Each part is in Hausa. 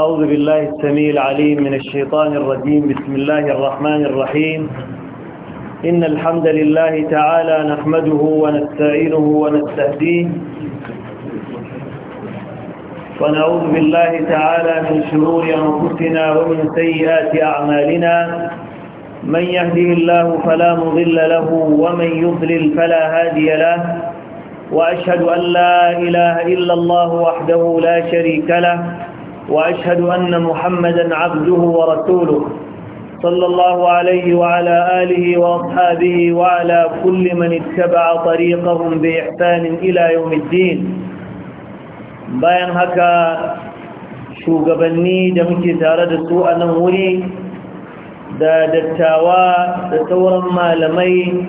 أعوذ بالله السميع العليم من الشيطان الرجيم بسم الله الرحمن الرحيم إن الحمد لله تعالى نحمده ونستعينه ونستهديه ونعوذ بالله تعالى من شرور أنفسنا ومن سيئات أعمالنا من يهده الله فلا مضل له ومن يضلل فلا هادي له وأشهد أن لا إله إلا الله وحده لا شريك له وأشهد أن محمدا عبده ورسوله صلى الله عليه وعلى آله وأصحابه وعلى كل من اتبع طريقهم بإحسان إلى يوم الدين bayan haka shugabanni da muke tare da su a nan wuri da dattawa da sauran malamai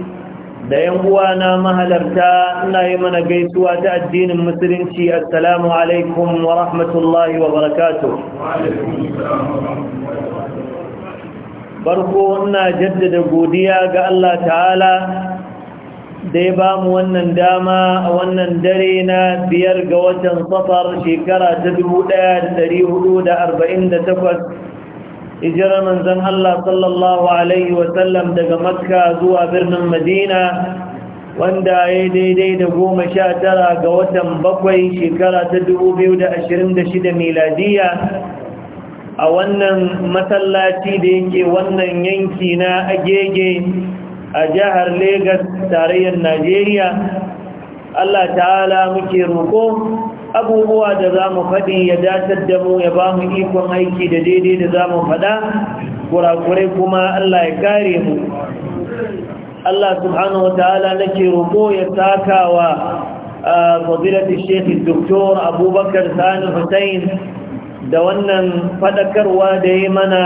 da yan uwana mahalarta ina yi mana gaisuwa ta addinin musulunci assalamu alaikum wa rahmatullahi wa barakatuh barko ina jaddada godiya ga Allah ta'ala da ya ba mu wannan dama a wannan dare na biyar ga watan safar shekara ta 1448 hijirar manzon Allah sallallahu alaihi sallam daga makka zuwa birnin madina wanda ya daidai da goma sha tara ga watan bakwai shekara ta dubu biyu da da miladiya a wannan masallaci da yake wannan yanki na agege a jihar Legas tarayyar najeriya Allah ta'ala muke roko abubuwa da za mu faɗi ya datar da mu ya ba mu ikon aiki da daidai da za mu faɗa kurakurai kuma Allah ya kare mu Allah subhanahu wa ta'ala nake roƙo ya takawa wa fadilati Sheikh doktor Abubakar Sani Hussein da wannan faɗakarwa da ya mana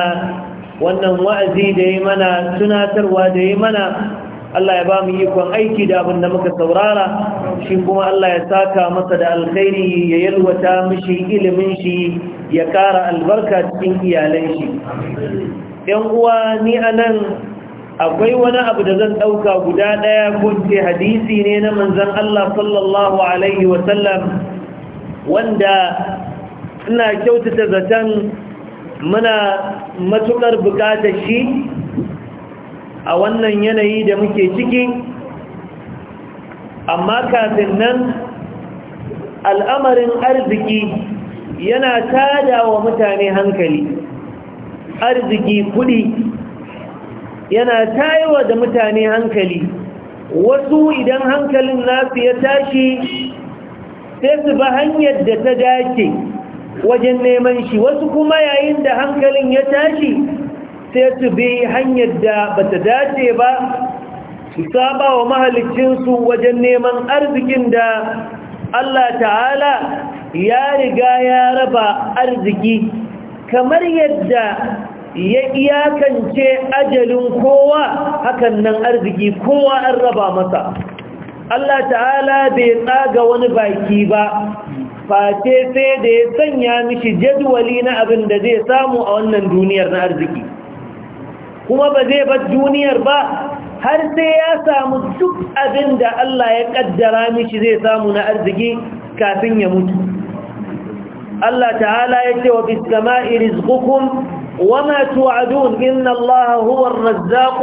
wannan wa'azi da ya mana tunatarwa da yayi mana Allah ya ba mu ikon aiki da abin da muka saurara shi kuma Allah ya saka masa da alkhairi ya yalwata mishi ilimin shi ya ƙara albarka cikin iyalan shi ‘yan uwa ni anan akwai wani abu da zan ɗauka guda ɗaya ko ce hadisi ne na manzan Allah sallallahu Alaihi wasallam wanda ina kyautata zaton muna matuƙar buƙatar shi a wannan yanayi da muke ciki amma kafin nan al'amarin arziki yana tada wa mutane hankali arziki kudi yana tayewa da mutane hankali wasu idan hankalin nasu ya tashi sai su ba hanyar da ta dace wajen neman shi wasu kuma yayin da hankalin ya tashi sai su bi hanyar da ba ta dace ba su saba wa mahalicinsu wajen neman arzikin da Allah ta'ala ya riga ya raba arziki kamar yadda ya iyakance ajalin kowa hakan nan arziki kowa an raba masa Allah ta'ala bai tsaga wani baki ba face sai da ya sanya mishi jadwali na abin da zai samu a wannan duniyar na arziki kuma ba zai bar duniyar ba har sai ya samu duk abin da Allah ya kaddara mishi zai samu na arziki kafin ya mutu Allah ta'ala ya ce wa bis sama'i rizqukum wama tu'adun inna Allah huwa ar-razzaq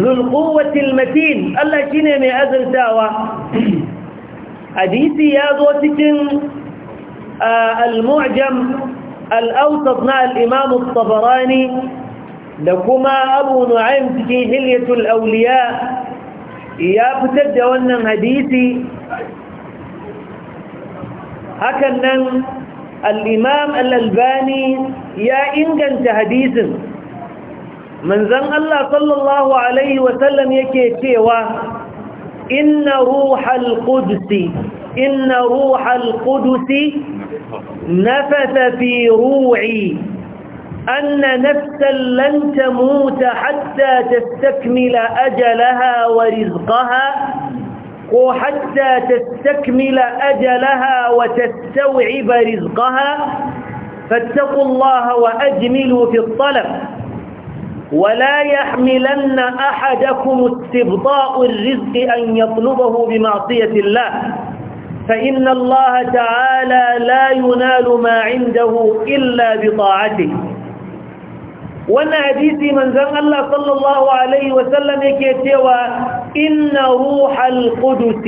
dhul matin Allah shine mai azurtawa hadisi ya zo cikin uh, al-mu'jam al-awsat na al-imam tabarani da kuma abu nu'aym cikin hilyatul awliya ya fitar da wannan hadisi hakan nan al-imam al-albani ya inganta hadisin manzon Allah sallallahu alaihi wa sallam yake cewa inna ruhal qudsi inna ruhal qudsi nafatha fi أن نفسا لن تموت حتى تستكمل أجلها ورزقها وحتى تستكمل أجلها وتستوعب رزقها فاتقوا الله وأجملوا في الطلب ولا يحملن أحدكم استبطاء الرزق أن يطلبه بمعصية الله فإن الله تعالى لا ينال ما عنده إلا بطاعته wannan hadisi manzon Allah sallallahu alaihi wa sallam yake cewa inna ruhal qudus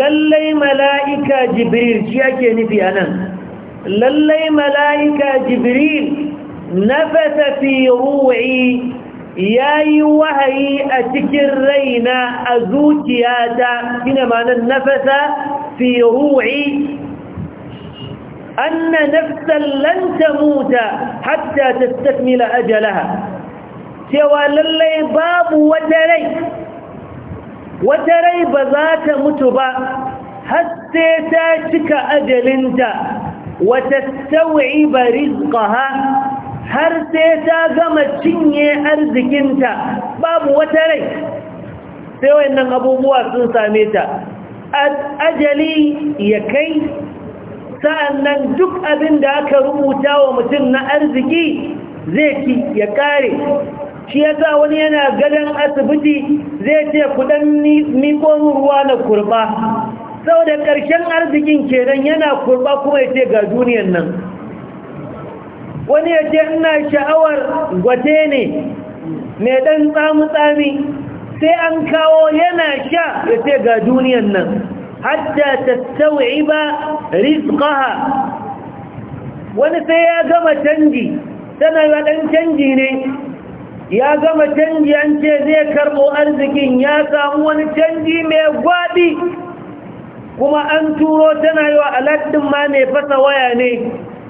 lallai mala'ika jibril shi ake nufi anan lallai mala'ika jibril nafasa fi ruhi yayi wahayi a cikin raina a zuciyata ma nan nafasa fi ruhi أن نفسا لن تموت حتى تستكمل أجلها سوى للي باب وتري وتري بذات متبا حتى تاتك أجلنت وتستوعب رزقها har sai ta gama cinye arzikinta babu wata rai sai wayannan abubuwa sun same ta ajali ya kai sa'an nan duk abin da aka rubuta wa mutum na arziki zai ki ya kare shi ya sa wani yana gadon asibiti zai ce kudan miko ruwa na kurba sau da ƙarshen arzikin kenan yana kurba kuma ya ce ga duniyan nan wani ya ce ina sha'awar gwate ne mai ɗan tsami tsami sai an kawo yana sha ya ce ga duniyan nan hatta tattau'iba rizqaha wani sai ya gama canji tana yi ɗan canji ne ya gama canji an zai karɓo arzikin ya samu wani canji mai gwaɗi kuma an turo tana yi wa ma mai fasa waya ne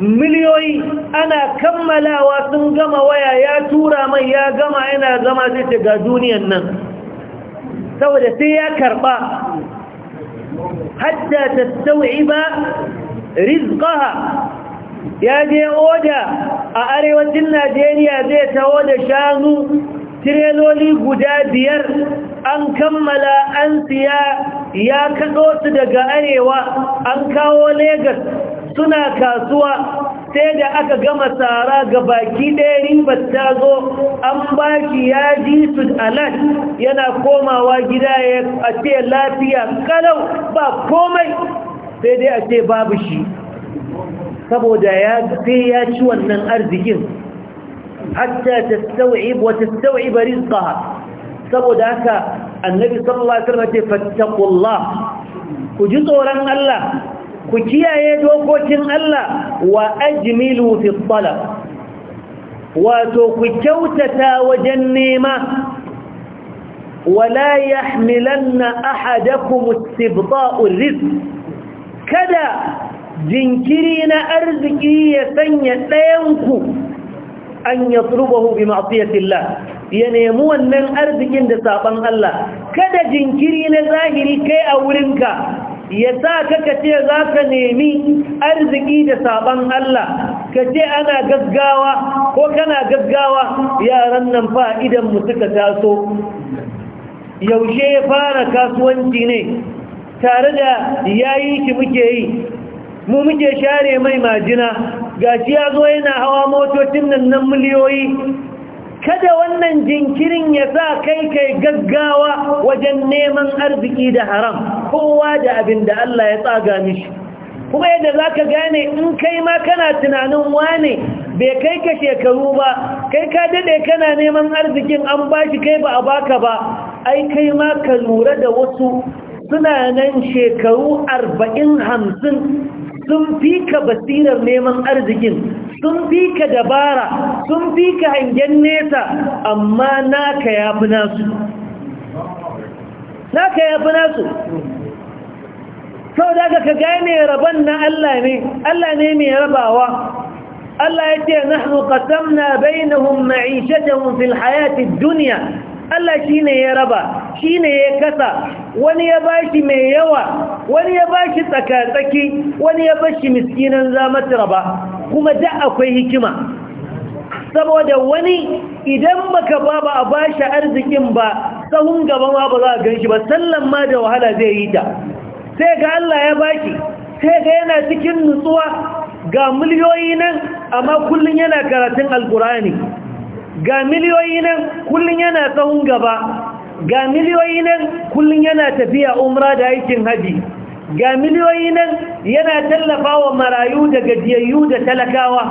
miliyoyi ana kammalawa sun gama waya ya tura mai ya gama yana zama zai shiga duniyan nan saboda sai ya karɓa hatta tattau'iba rizqaha ya je oda a arewacin Najeriya zai taho da shanu tireloli guda biyar an kammala an siya ya kaɗo su daga arewa an kawo Legas suna kasuwa sai da aka gama tsara ga baki ɗaya ribar ta zo an baki ya ji su alat yana komawa gida ya a ce lafiya kalau ba komai sai dai a ce babu shi saboda ya sai ya ci wannan arzikin hatta ta sau'i wata sau'i barin saboda haka annabi sallallahu alaihi ce fattaqullah ku ji tsoron Allah ku kiyaye dokokin Allah wa ajmilu fi talab wato ku kyautata wajen nema wala yahmilanna ahadakum istibta'u rizq kada jinkiri na arziki ya sanya ɗayanku an yatrubahu bi ma'siyatillah ya nemi wannan arzikin da saban Allah kada jinkiri na zahiri kai a wurinka ya sa ka ka ce za ka nemi arziki da saban Allah ka ce ana gaggawa ko kana gaggawa yaran nan fa idan mu suka taso yaushe ya fara kasuwanci ne tare da yayi shi muke yi mu muke share mai majina gashi ya zo yana hawa motocin nan nan miliyoyi kada wannan jinkirin ya sa kai kai gaggawa wajen neman arziki da haram kowa da abin da Allah ya tsaga mishi kuma yadda za ka gane in kai ma kana tunanin wane bai kai ka shekaru ba kai ka daɗe kana neman arzikin an bashi kai ba a baka ba ai kai ma ka lura da wasu suna nan shekaru arba'in hamsin sun fi ka basirar neman arzikin sun fi ka dabara sun fi ka hangen nesa amma naka ya fi nasu naka ya fi nasu sau daga ka gane rabon na Allah ne Allah ne mai rabawa Allah ya ce nahnu qasamna bainahum ma'ishatahum fil hayati dunya Allah shi ne ya raba shi ne ya kasa wani ya bashi mai yawa wani ya bashi tsakatsaki wani ya bashi miskinan zamata raba kuma da akwai hikima saboda wani idan baka ba ba a bashi arzikin ba sahun gaba ma ba za a gan shi ba sallan ma da wahala zai yi ta sai ga Allah ya bashi, sai ga yana cikin nutsuwa ga miliyoyi nan amma kullum yana karatun alkurani ga miliyoyi nan kullum yana tsawon gaba ga miliyoyi nan kullum yana tafiya umra da aikin haji ga miliyoyi nan yana tallafawa marayu da gajiyayyu da talakawa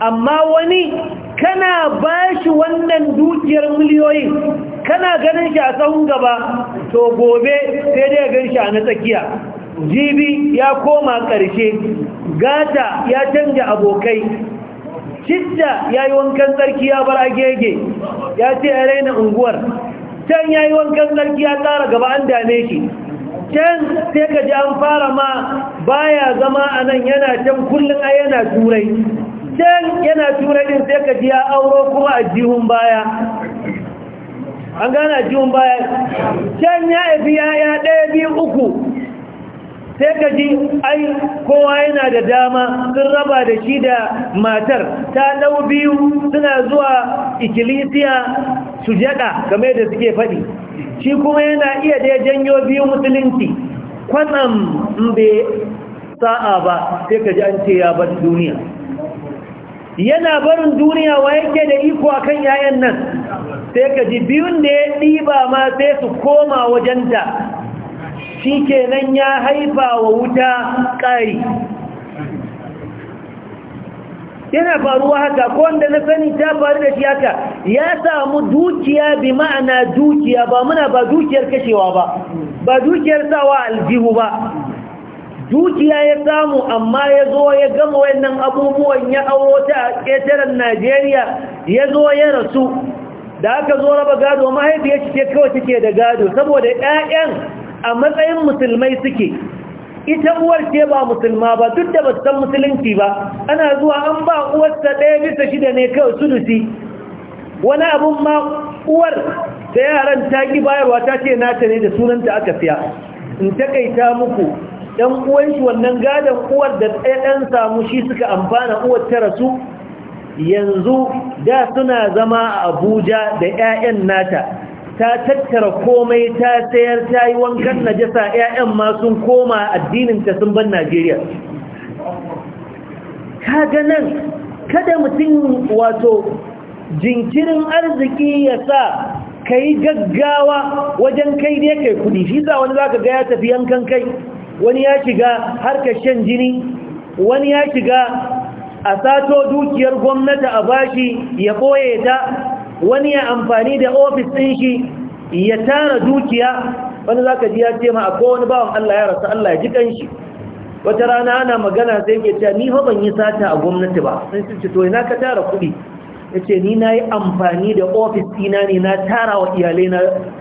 amma wani kana bashi wannan dukiyar miliyoyi kana ganin shi a tsawon gaba to gobe sai dai gan shi a na tsakiya jibi ya koma ƙarshe gata ya canja abokai shidda ya yi wankan tsarki ya bar agege ya ce ya raina unguwar can ya yi wankan tsarki ya tsara gaba an dame shi can sai ka ji an fara ma baya zama a nan yana can kullum a yana turai can yana turai din sai ka ji ya auro kuma a jihun baya an gana jihun baya can ya ebi ya ɗaya biyu uku sai ka ji ai kowa yana da dama sun raba da shi da matar ta dau biyu suna zuwa Ikilisiya su game da suke faɗi shi kuma yana iya da janyo biyu musulunci kwanan bai sa'a ba sai ka ji an ce ya bar duniya yana barin duniya wa yake da iko akan yayan nan sai ka ji biyun da ya ɗiba ma sai su koma wajenta shi kenan ya haifa wa wuta ƙari yana faruwa haka ko wanda na sani ta faru da shi haka ya samu dukiya bi ma'ana dukiya ba muna ba dukiyar kashewa ba ba dukiyar sawa aljihu ba dukiya ya samu amma ya zo ya gama wannan abubuwan ya auro ta a ƙetaren najeriya ya zo ya rasu da aka zo raba gado mahaifiyar cike kawai take da gado saboda 'ya'yan a matsayin musulmai suke ita uwar ce ba musulma ba duk da basu san musulunci ba ana zuwa an ba uwarsa ɗaya bisa shida ne kawai sudusi wani abun ma uwar ta yaran ta ki bayarwa ta ce nata ne da sunanta aka siya in takaita muku ɗan uwanshi wannan gadon uwar da ɗaya ɗan samu shi suka amfana uwar ta rasu yanzu da suna zama a abuja da 'ya'yan nata ta tattara komai ta sayar ta yi wankan najasa 'ya'yan ma sun koma addininta sun ban najeriya kaga nan kada mutum wato jinkirin arziki ya sa ka yi gaggawa wajen kai dai kai kudi shi sa wani zaka ga ya tafi yankan kai wani ya shiga harkar shan jini wani ya shiga a sato dukiyar gwamnati a bashi ya ɓoye ta wani ya amfani da ofis ɗin shi ya tara dukiya wani za ka ji ya ce ma a kowane bawan Allah ya rasu Allah ya ji shi wata rana ana magana sai ke cewa ni fa ban yi sata a gwamnati ba sai sun ce to ina ka tara kuɗi ya ce ni na yi amfani da ofis ɗina ne na tara wa iyalai na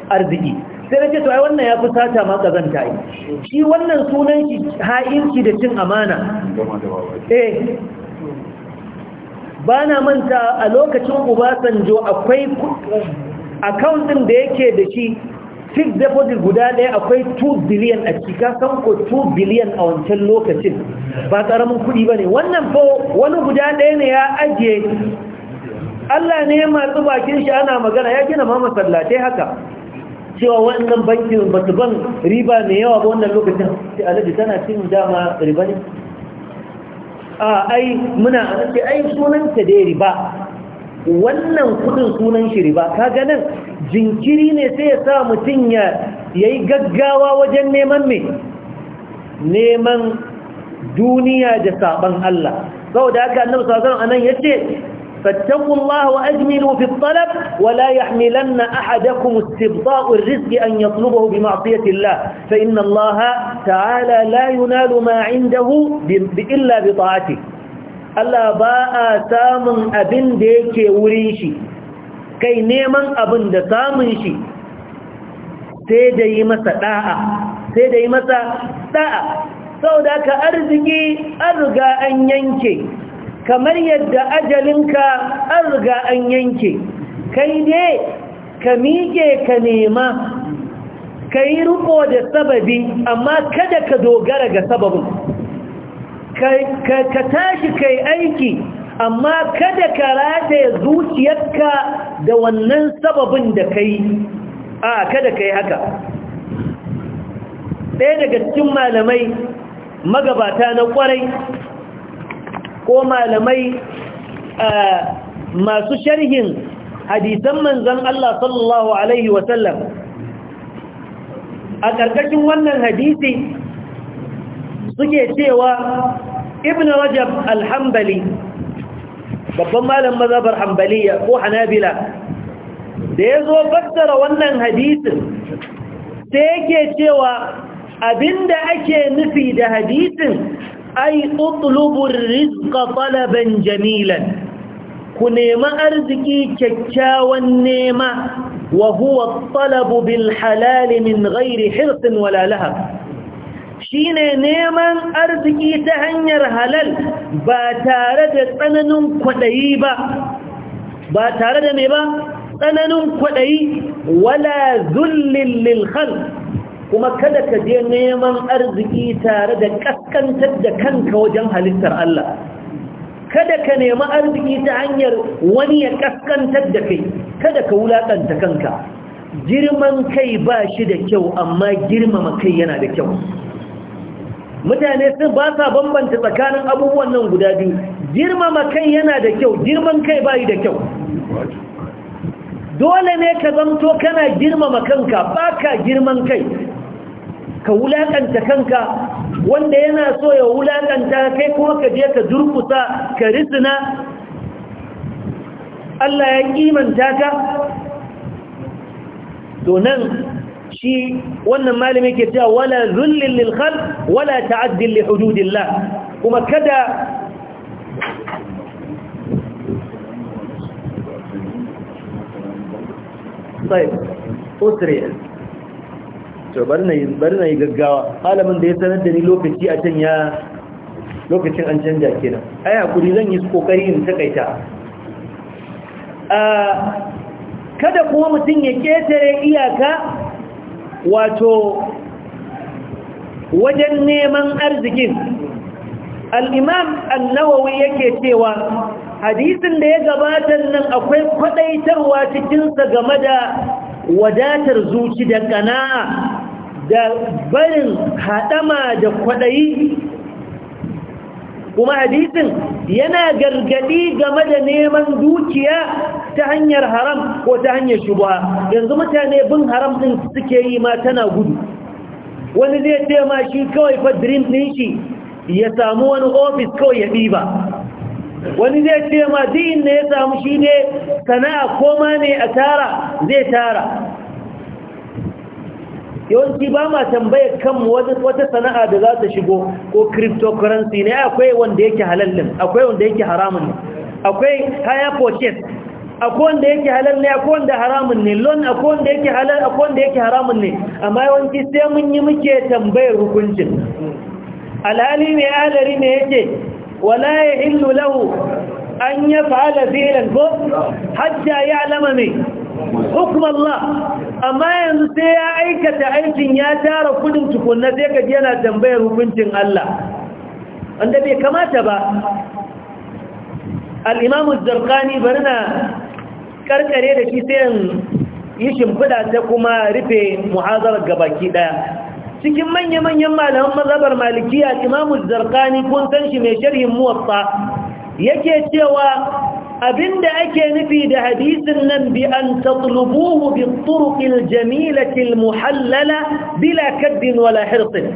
arziki sai na ce to ai wannan ya fi sata ma kazanta yi shi wannan sunan shi ha'inci da cin amana eh ba na manta a lokacin uba ubasanjo akwai ɗin da yake da shi fix deposit guda ɗaya akwai 2 biliyan a cika san ko 2 biliyan a wancan lokacin ba ƙaramin kuɗi ba wannan ba wani guda ɗaya ne ya ajiye Allah ne masu bakin shi ana magana ya gina ma masallatai haka cewa wannan bankin ba ban riba mai yawa ba wannan lokacin sai alaji tana cin dama riba ne a ai muna a ce ai sunanta da riba wannan kudin sunan shi riba kaga nan jinkiri ne sai ya sa mutum ya yayi gaggawa wajen neman me neman duniya da saban Allah saboda haka annabi sallallahu alaihi wasallam anan yace فاتقوا الله وأجملوا في الطلب ولا يحملن أحدكم استبطاء الرزق أن يطلبه بمعصية الله فإن الله تعالى لا ينال ما عنده إلا بطاعته ألا باء سام أبن ديك وريشي كي نيما أبن دسامنشي سيدي مسا داء سيدي مسا داء sau da ka arziki an riga an yanke kamar yadda ajalinka an riga an yanke kai ne ka miƙe ka nema ka yi riko da sababi amma kada ka dogara ga sababin ka tashi ka aiki amma kada ka ya zuciyarka da wannan sababin da ka yi a kada ka yi haka ɗaya daga cikin malamai magabata na ƙwarai ko malamai masu sharhin hadisan manzan Allah sallallahu Alaihi wasallam a ƙarƙashin wannan hadisi suke cewa ibn rajab alhambali babban malam mazabar hambaliya ko hanabila da ya zo fassara wannan hadisin sai yake cewa abinda ake nufi da hadisin ai utlubur rizqa talaban jamilan ku nemi arziki kyakkyawan nema wa huwa talabu bil halal min ghairi hirsin wala lahab shine neman arziki ta hanyar halal ba tare da tsananin kwadayi ba ba tare da me ba tsananin kwadayi wala zullin lil khalq kuma kada ka je neman arziki tare da kaskantar da kanka wajen halittar Allah kada ka nemi arziki ta hanyar wani ya kaskantar da kai kada ka wulakanta kanka girman kai ba shi da kyau amma girmama kai yana da kyau mutane sun ba sa bambanta tsakanin abubuwan nan guda biyu girmama kai yana da kyau girman kai ba da kyau dole ne ka zamto kana girmama kanka ba ka girman kai ka wulakanta kanka wanda yana so ya wulakanta kai kuma ka je ka durkusa ka risina Allah ya kimanta ka donan shi wannan malami ke cewa wala zullin lil khalq wala ta'addin li hududillah kuma kada طيب to bari na yi gaggawa halamin da ya sanar da ni lokaci a can ya lokacin an canja kenan ai hakuri zan yi kokari in takaita ah, kada kuma mutum ya ketare iyaka wato wajen neman arzikin al'imam annawawi yake cewa hadisin da ya gabatar nan akwai kwadaitarwa cikinsa game da wadatar zuci da kana'a da barin haɗama da kwaɗayi kuma hadisin yana gargaɗi game da neman dukiya ta hanyar haram ko ta hanyar shubha yanzu mutane bin haram ɗin suke yi ma tana gudu wani zai ce ma shi kawai fa dream ɗin shi ya samu wani ofis kawai ya ɗiba wani zai ce ma din ne ya samu shi ne sana'a koma ne a tara zai tara yawanci ba ma tambayar kan wata sana'a da za ta shigo ko cryptocurrency ne akwai wanda yake halallin akwai wanda yake haramun ne akwai higher pocket akwai wanda yake halal ne akwai wanda haramun ne loan akwai wanda yake halal akwai wanda yake haramun ne amma yawanci sai mun yi muke tambayar hukuncin alhali ne alari ne yake wala ya yahillu lahu an yaf'ala fi'lan ko ya alama mai hukumallah amma yanzu sai ya aikata aikin ya tara kudin tukunna sai ka yana tambayar hukuncin Allah wanda bai kamata ba al'imamu zarkani bari na karkare da shi sai yi shimfida ta kuma rufe muhazar gabaki ɗaya cikin manya-manyan malaman mazabar malikiya imamu zarkani kun san shi mai sharhin muwatsa yake cewa abinda ake nufi da hadisin nan bi an tatlubuhu bi jamilati muhallala bila kaddin wala hirqin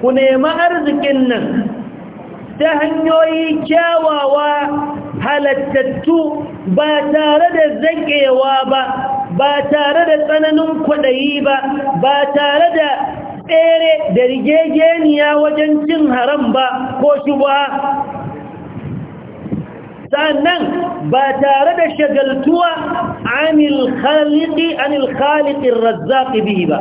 ku nemi arzikin nan ta hanyoyi kyawawa halattattu ba tare da zakewa ba ba tare da tsananin kwaɗayi ba ba tare da tsere da rigegeniya wajen cin haram ba ko shubha sannan ba tare da shagaltuwa anil khaliqi anil khaliqir razzaq bihi ba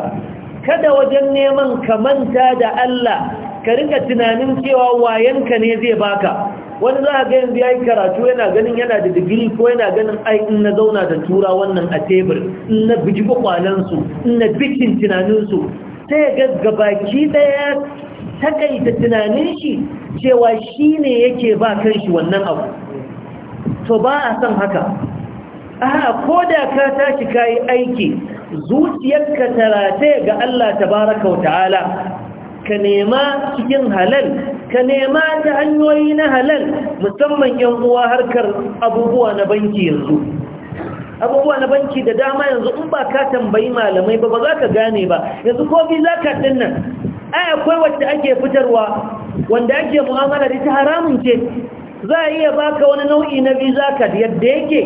kada wajen neman kamanta da Allah ka rika tunanin cewa wayanka ne zai baka wani za ga yanzu yayi karatu yana ganin yana da digiri ko yana ganin ai in na zauna da tura wannan a tebur in na biji kwalan su in na bikin tunanin su sai ga gabaki daya takaita tunanin shi cewa shi ne yake ba kanshi wannan abu to ba a san haka aha ko da ka tashi kayi aiki zuciyarka tarate ga Allah Ta wa ta'ala ka nema cikin halal ka nema ta hanyoyi na halal musamman yan uwa harkar abubuwa na banki yanzu abubuwa na banki da dama yanzu in ba ka tambayi malamai ba ba za ka gane ba yanzu ko bi za ka dinnan ai akwai wacce ake fitarwa wanda ake mu'amala da ta haramun ce za a iya baka wani nau'i na visa card yadda yake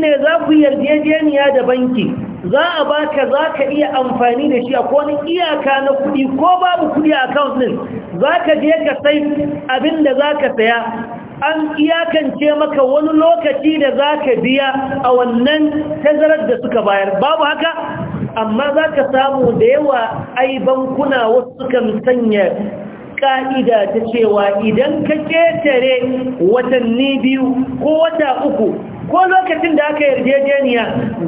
ne za ku yarjejeniya da banki za a baka za ka iya amfani da shi a kone iyaka na kudi ko babu kudi a account din za ka je ka sai abin da za ka saya an iyakance maka wani lokaci da za ka biya a wannan tazarar da suka bayar babu haka amma za ka samu da yawa ai bankuna wasu kan sanya ƙa'ida ta cewa idan ka ƙetare watanni biyu ko wata uku ko lokacin da aka yarjejeniya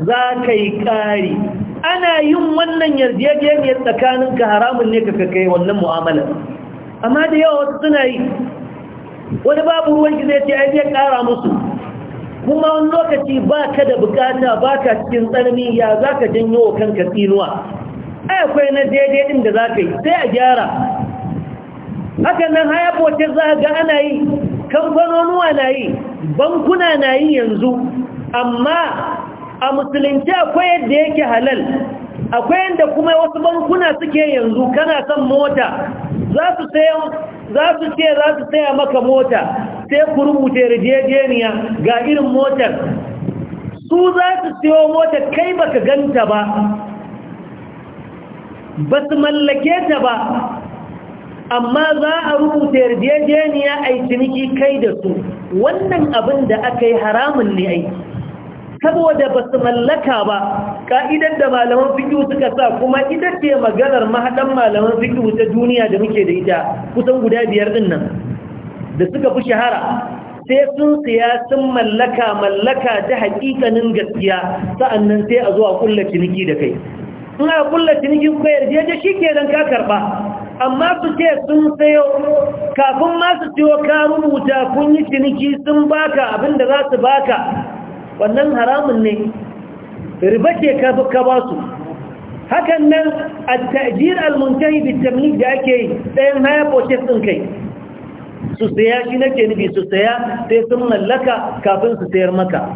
za ka yi ƙari ana yin wannan yarjejeniyar tsakaninka haramun ne ka kai wannan mu'amalar amma da yawa wasu suna yi wani babu ruwan gizo ce ai zai ƙara musu kuma wani lokaci ba ka da bukata ba ka cikin tsanani ya za ka janyo wa kanka tsinuwa akwai na daidai ɗin da za ka yi sai a gyara Haka nan haya bote za ga ana yi kamfanonuwa na yi bankuna na yi yanzu amma a musulunci akwai yadda yake halal akwai yadda kuma wasu bankuna suke yanzu kana son mota za su za ce za su saya maka mota sai ku rubuta yarjejeniya ga irin motar su za su siyo mota kai baka ganta ba ba su mallake ta ba amma za a rubuta yarjejeniya a yi ciniki kai da su wannan abin da aka yi haramun ne aiki saboda ba su mallaka ba ka'idar da malaman fikiyu suka sa kuma ita ce maganar mahaɗan malaman fikiyu ta duniya da muke da ita kusan guda biyar ɗin nan da suka fi shahara sai sun siya sun mallaka mallaka ta haƙiƙanin gaskiya sa'annan sai a zo a kulla ciniki da kai in a kulla ciniki ko yarjeje shi don ka karɓa amma su ce sun sayo kafin masu ciwo ka wuta kun yi ciniki sun baka abin da za su baka wannan haramun ne riba ce ka ba su hakan nan a tajir almuntahi bitamlik da ake yi ɗayan haya poches sun kai su saya shi nake nufi su saya sai sun mallaka kafin su sayar maka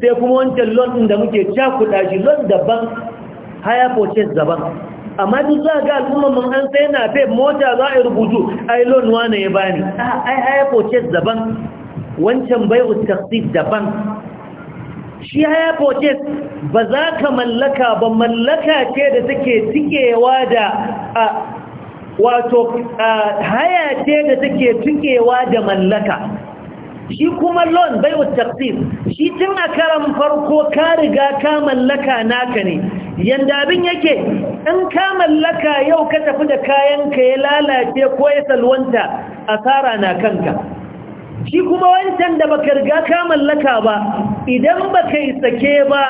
sai kuma wancan lot da muke cakuɗa shi lot daban haya poches daban amma duk za a ga al'umma mun an sai na fe mota za a rubutu ai loan wane ya bani ai haya purchase daban wancan bai taqsid daban shi haya purchase ba za ka mallaka ba mallaka ce da take tikewa da wato haya ce da take tikewa da mallaka shi kuma loan bai taqsid shi tun a karan farko ka riga ka mallaka naka ne yanda abin yake in ka mallaka yau ka tafi da kayan ka ya lalace ko ya salwanta asara na kanka shi kuma wancan da baka riga ka mallaka ba idan baka yi sake ba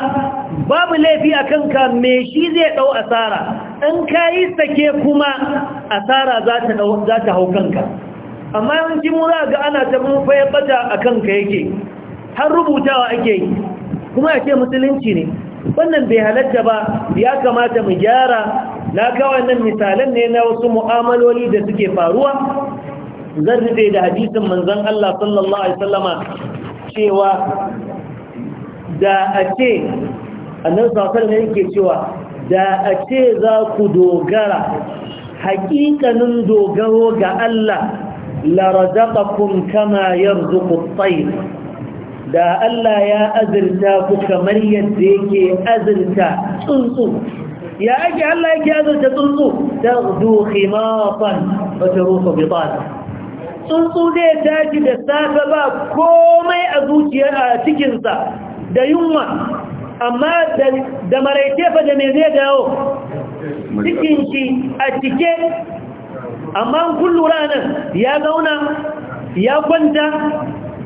babu laifi a kanka me shi zai dau asara in ka yi sake kuma asara za ta hau kanka amma yankin mu za ga ana ta mun fayyabata a kanka yake har rubutawa ake yi kuma ake musulunci ne wannan bai halatta ba ya kamata mu gyara na kawai nan misalan ne na wasu mu'amaloli da suke faruwa zan rufe da hadisin manzon Allah sallallahu alaihi Sallama cewa da a ce annan safar ne yake cewa da a ce za ku dogara haƙiƙanin dogaro ga Allah la kun kama yanzu at da Allah ya azurta ku kamar yadda yake azurta tsuntsu ya ake Allah yake azurta tsuntsu ta zu khimatan wa taruhu bitan tsuntsu zai tashi da safe ba komai a zuciya a cikinsa da yunwa amma da maraice fa da me zai dawo cikin shi a cike amma kun lura nan ya zauna ya kwanta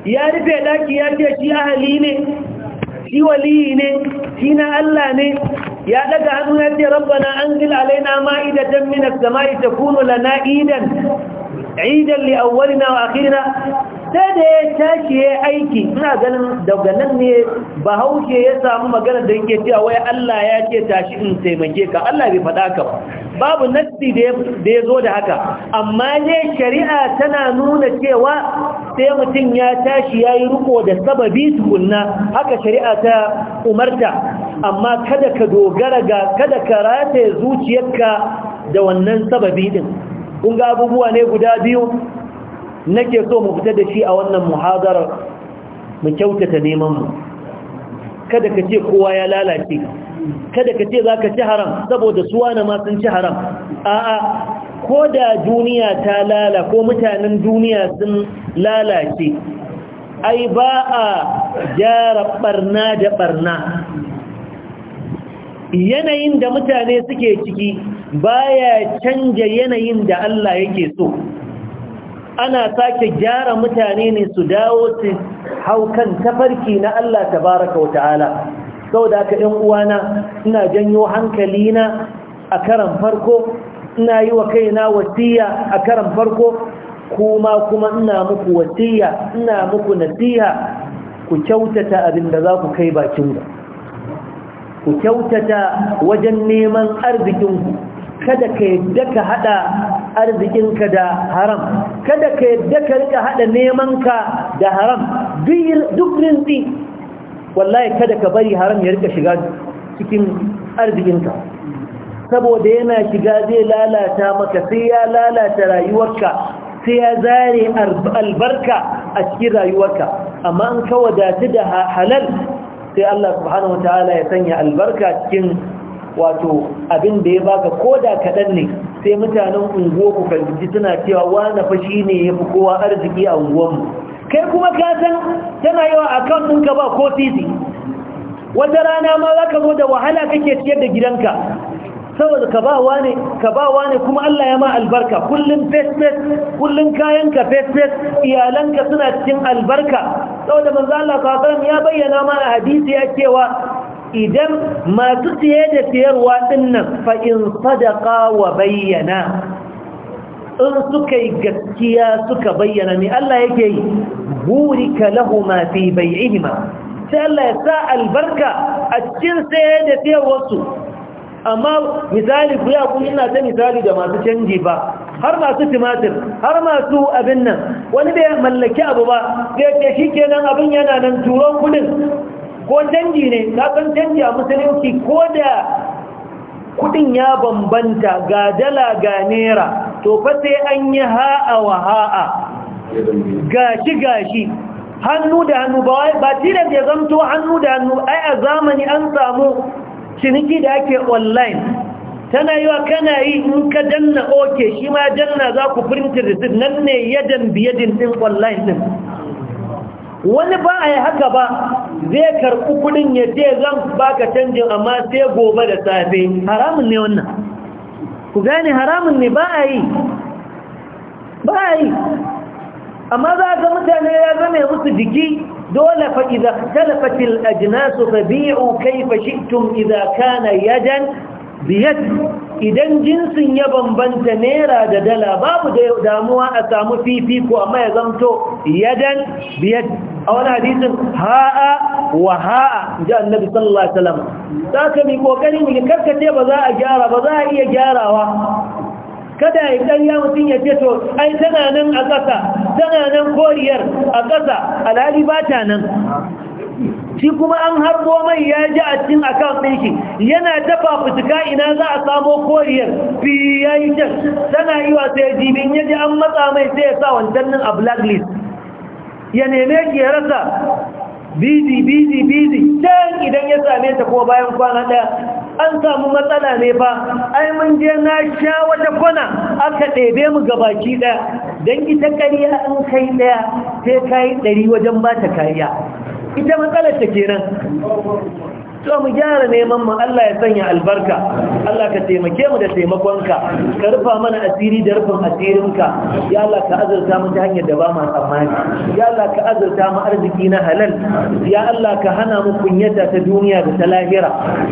ya rufe daki ya ce shi ahali ne shi waliyi ne shi na Allah ne ya daga hannu ya ce rabbana anzil alaina ma'idatan min as-sama'i takunu lana idan idan li awwalina wa akhirina sai da ya tashi ya aiki ina ganin daga nan ne bahaushe ya samu magana da yake cewa wai Allah ya ce tashi in taimake ka Allah bai faɗa ka babu nassi da ya zo da haka amma ne shari'a tana nuna cewa sai mutum ya tashi ya yi riko da sababi tukunna haka shari'a ta umarta amma kada ka dogara ga kada ka rataye zuciyarka da wannan sababi din kun ga abubuwa ne guda biyu nake so mu fita da shi a wannan muhadarar mu kyautata neman mu kada ka ce kowa ya lalace kada ka ce za ka ci haram saboda suwa na ma sun ci haram a'a ko da duniya ta lala ko mutanen duniya sun lalace ai ba a gyara barna da barna yanayin da mutane suke ciki baya canja yanayin da Allah yake so ana sake gyara mutane ne su dawo su haukan tafarki na Allah tabaraka wa ta'ala saboda haka ɗan uwana ina janyo hankalina a karan farko ina yi wa kaina wasiya a karan farko kuma kuma ina muku wasiya ina muku nasiha ku kyautata abin da za ku kai bakin ku ku kyautata wajen neman arzikinku kada ka yadda ka hada arzikinka da haram kada ka yadda ka rika hada nemanka da haram duk rintsi wallahi kada ka bari haram ya rika shiga cikin arzikinka saboda yana shiga zai lalata maka sai ya lalata rayuwarka sai ya zare albarka a cikin rayuwarka amma an ka wadatu da halal sai Allah subhanahu wataala ya sanya albarka cikin wato abin da ya baka koda kaɗan ne sai mutanen unguwarku kan ji suna cewa wani fashi ne ya fi kowa arziki a unguwanmu. kai kuma ka san tana yawa akan ɗinka ba ko titi wata rana ma za ka zo da wahala kake ciyar da gidanka saboda ka ba wa ne kuma Allah ya ma albarka kullun fesfes kullun kayanka fesfes iyalanka suna cikin albarka saboda manzo Allah sallallahu ya bayyana mana hadisi ya cewa idan masu siye da siyarwa dinnan fa in sadaqa wa bayyana in suka yi gaskiya suka bayyana ne Allah yake yi burika lahuma fi bai'ihima sai Allah ya sa albarka a cikin sai da wasu amma misali ku ya kun ina ta misali da masu canji ba har masu timatir har masu abin nan wani bai mallaki abu ba sai ke shi kenan abin yana nan turon kudin ko canji ne ka san canji a musulunci ko da kudin ya bambanta ga dala ga naira to fa sai an yi ha'a wa ha'a gashi gashi hannu da hannu ba tilas ya zamto hannu da hannu ai a zamani an samu ciniki da ake online tana yi wa kana yi in ka danna oke shi ma danna za ku da receipt nan ne yadan biyadin din online din wani ba a haka ba zai karɓi kudin ya ce zan baka canjin amma sai gobe da safe haramun ne wannan ku gane haramun ne ba a yi ba a yi amma za ga mutane ya zame musu jiki dole fa idza talafatil ajnas fabi'u kayfa shi'tum idza kana yadan biyar idan jinsin ya bambanta naira da dala babu damuwa a samu fifiko amma ya zamto yadan biyar a wani hadisin ha'a Wa waha'a ji annabi sallallahu alaihi wasallam za ka mi kokari mu karkace ba za a gyara ba za a iya gyarawa kada ya ya mutun ya ce to ai tana nan a ƙasa tana nan koriyar a kasa alali ba ta nan shi kuma an harbo mai ya ji a cikin akawun ɗin yana dafa fituka ina za a samo koriyar fi yayi yi can tana yi wa sai jibin ya ji an matsa mai sai ya sa wancan nan a blacklist ya neme ki ya rasa bizi bizi bizi dan idan ya same ta ko bayan kwana daya an samu matsala ne fa ai mun je na sha wata kwana aka ɗebe mu ga baki daya don ita karya an kai daya sai kai ɗari wajen ba ta kariya ita matsalar ta nan. to mu gyara neman mu Allah ya sanya albarka Allah ka taimake mu da taimakonka ka rufa mana asiri da rufin asirinka ya Allah ka azurta mu ta hanyar da ba mu tsammani ya Allah ka azurta mu arziki na halal ya Allah ka hana mu kunyata ta duniya da ta lahira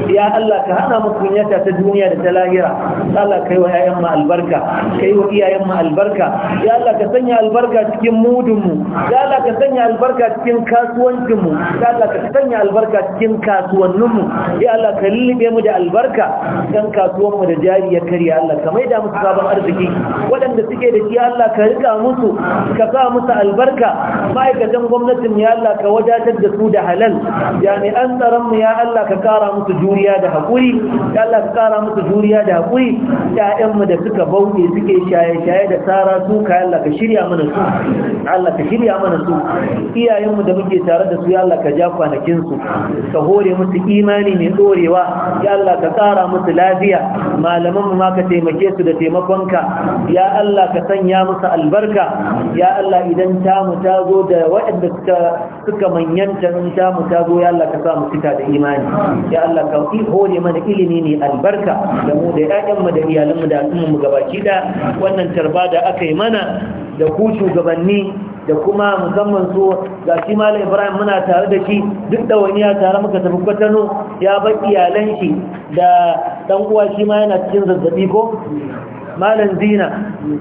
ya Allah ka hana mu kunyata ta duniya da ta lahira Allah kai wa yayan mu albarka kai wa iyayen mu albarka ya Allah ka sanya albarka cikin mudun mu ya Allah ka sanya albarka cikin kasuwancin mu ya Allah ka sanya albarka cikin kasuwanni kasuwanninmu ya Allah ka lullube mu da albarka dan kasuwanmu da jari ya karya Allah ka maida musu sabon arziki waɗanda suke da shi Allah ka rika musu ka sa musu albarka ma'aikatan gwamnatin ya Allah ka wadatar da su da halal jami'an tsaronmu ya Allah ka kara musu juriya da haƙuri ya Allah ka kara musu juriya da haƙuri ƴaƴanmu da suka bauɗe suke shaye-shaye da tsara su ka Allah ka shirya mana su Allah ka shirya mana su iyayenmu da muke tare da su ya Allah ka ja kwanakin su ka hore musu imani mai dorewa ya Allah ka tsara musu lafiya malaman ma ka taimake su da taimakonka ya Allah ka sanya musu albarka ya Allah idan ta ta zo da waɗanda suka suka manyanta in ta mu ta zo ya Allah ka sa mu fita da imani ya Allah ka yi hore mana ilimi ne albarka da mu da ƴaƴan da iyalan da al'umman mu gabaki da wannan tarba da aka yi mana da ku shugabanni da kuma musamman su ga shi malam ibrahim muna tare da shi duk da wani ya tare muka tafi kwatano ya ba iyalan shi da dan uwa shi ma yana cikin zazzabi ko malam zina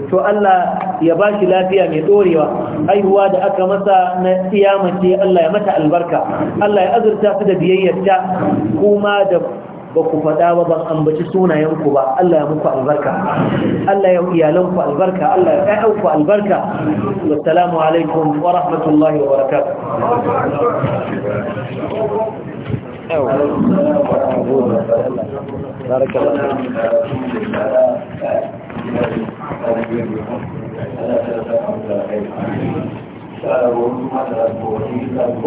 to Allah ya ba shi lafiya mai dorewa haihuwa da aka masa na tsiyamace Allah ya mata albarka Allah ya azurta su da biyayyarta kuma da ba ku faɗa ba ban ambaci sunayenku ba Allah ya muku albarka Allah ya iyalanku albarka Allah ya ƴaƴanku albarka assalamu alaikum wa rahmatullahi wa barakatuh